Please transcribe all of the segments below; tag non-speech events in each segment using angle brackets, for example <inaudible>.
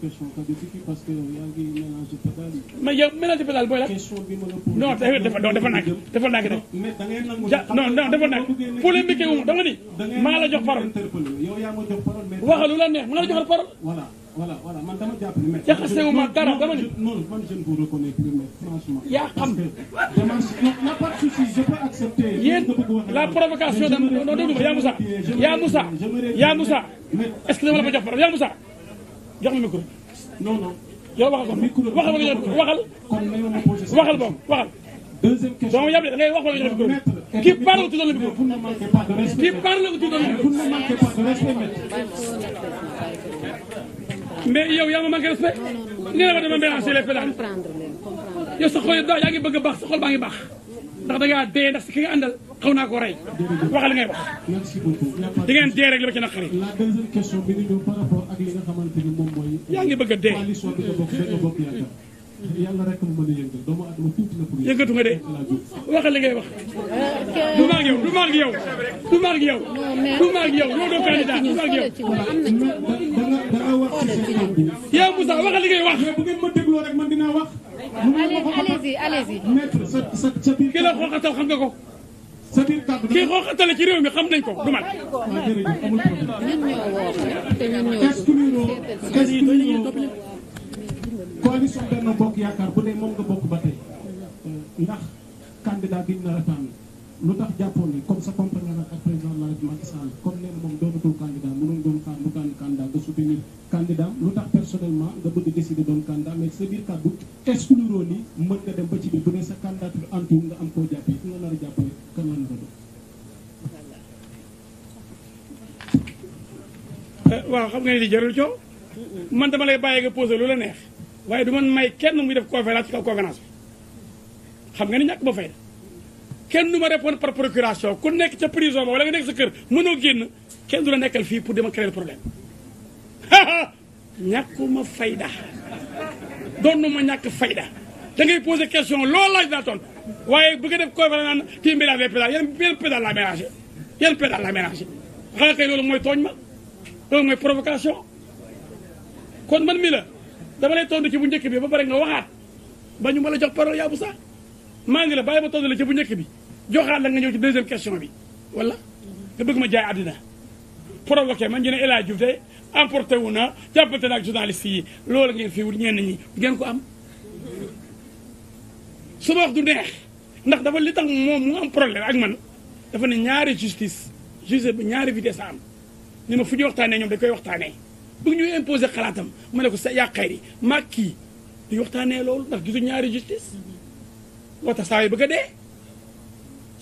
question parce que yaa ngi mélange pédale yi. mais yow mélange pédale booy la. question bi ma la posé. non dafa dafa nag dafa nag de. mais da ngay nangu. ja non non dafa nag polémique wu dama ni. maa la jox parole. yow yaa ma jox parole mais. waxal lu la neex maa la jox parole. voilà voilà voilà man dama jàpp ni. jaxase wu ma dara dama ni. non man je ne vous reconnais plus mais franchement. yaa xam. dama n'a pas de souci je peux accepter. yéen la provocation de non déglu ma yaa Moussa. yaa Moussa yaa Moussa est-ce que dama la ko jox parole yaa Moussa. jox ma micro. non non yow waxal ko waxal waxal waxal bon waxal. deuxième question donc yow da ngay wax ba nga jël micro bi kii parle tout le micro kii parle tout le micro mais yow yaa ma manqué respect nee na ma dama mélanger les pédales yow sa xol yaa ngi bëgg a baax sa xol baa ngi baax ndax da ngaa dee ndax si ki nga àndal. xaw naa koo rey waxal ngay wax. merci beaucoup. di ngeen dee rek li ma ci naqari. la deuxième question bi ñu ñëw par rapport ak li nga xamante ni moom mooy. yaa ngi bëgg a dee coalition bi nga bokk benn bokk yaakaar. yàlla rek mu mën a yëngal doomu aadama tuuti na pour yëngatu nga de waxal li ngay wax. du maag yow du maag yow du maag yow. du maag yow yow doo candidat du maag yow. da nga wax ci seen kàddu bi. yow Moussa waxal li ngay wax. mais bu ngeen ma dégloo rek man dinaa wax. allez allez allez maître sa sa sa biir. ki la xooxataw xam nga ko. kii xooxatale ci réew mi xam nañ ko du man. coalition benn bokk yaakaar bu dee moom nga bokk ba tey ndax candidat bi ñu tànn lu tax jàppoon ni comme sa compagnon ak président de la République comme nee na moom doonatul candidat mënoon doon xaar mu gànn candidat nga soutenir candidat lu tax personnellement nga bëgg décider doon candidat mais sa biir kàddu exclure ni mën nga dem ba ci bi bu dee sa candidature antu nga am koo jàppee ki nga a jàppale kan la a Eh, waaw xam nga ne li jarul coow man dama lay bàyyi nga posé lu la neex waaye du man may kenn muy def conférence ci kaw conférence bi xam nga ñàkk ma fay kenn du ma répondre par procuration ku nekk ca prison ba wala nga nekk sa kër mënoo génn kenn du la nekkal fii pour dama créer problème <laughs> ñàkkuma fayda doon ma ñàkk fayda da ngay posé question loolu laaj daa toon waaye bu def conférence naan kii mbir laa pédale yan yan pédale laa laa mélangé xanaa kay loolu ma loolu mooy provocation kon man mi la dama lay tontu ci bu njëkk bi ba pare nga waxaat ba ñu ma la jox parole yaa sax maa ngi la bàyyi ma tontu la ci bu njëkk bi jox la nga ñëw ci deuxième question bi wala nga bëgg ma jaay àddina provoqué man ñu ne El Hadj Diouf wu na jàppante na ak journaliste lool loolu ngeen wu ñeen ñenn ñi ngeen ko am su ma wax du neex ndax dafa li tax moom mu am problème ak man dafa ne ñaari justice juge bi ñaari vitesse am ni ma fu ñu waxtaanee ñoom dañ koy waxtaanee bëgg ñuy imposer xalaatam ma ne ko sa yaa xayri maag kii di waxtaanee loolu ndax gisu ñaari justice moo tax saa yi bëgg a dee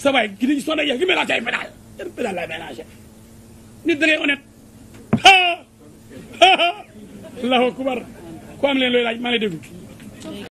sa waay gi nañu sonn ak yow gi mélangé ay pédal yan pédal laay mélangé nit da ngay honnête <laughs> allahu akbar ku am leen looy laaj maa ngi lay déglu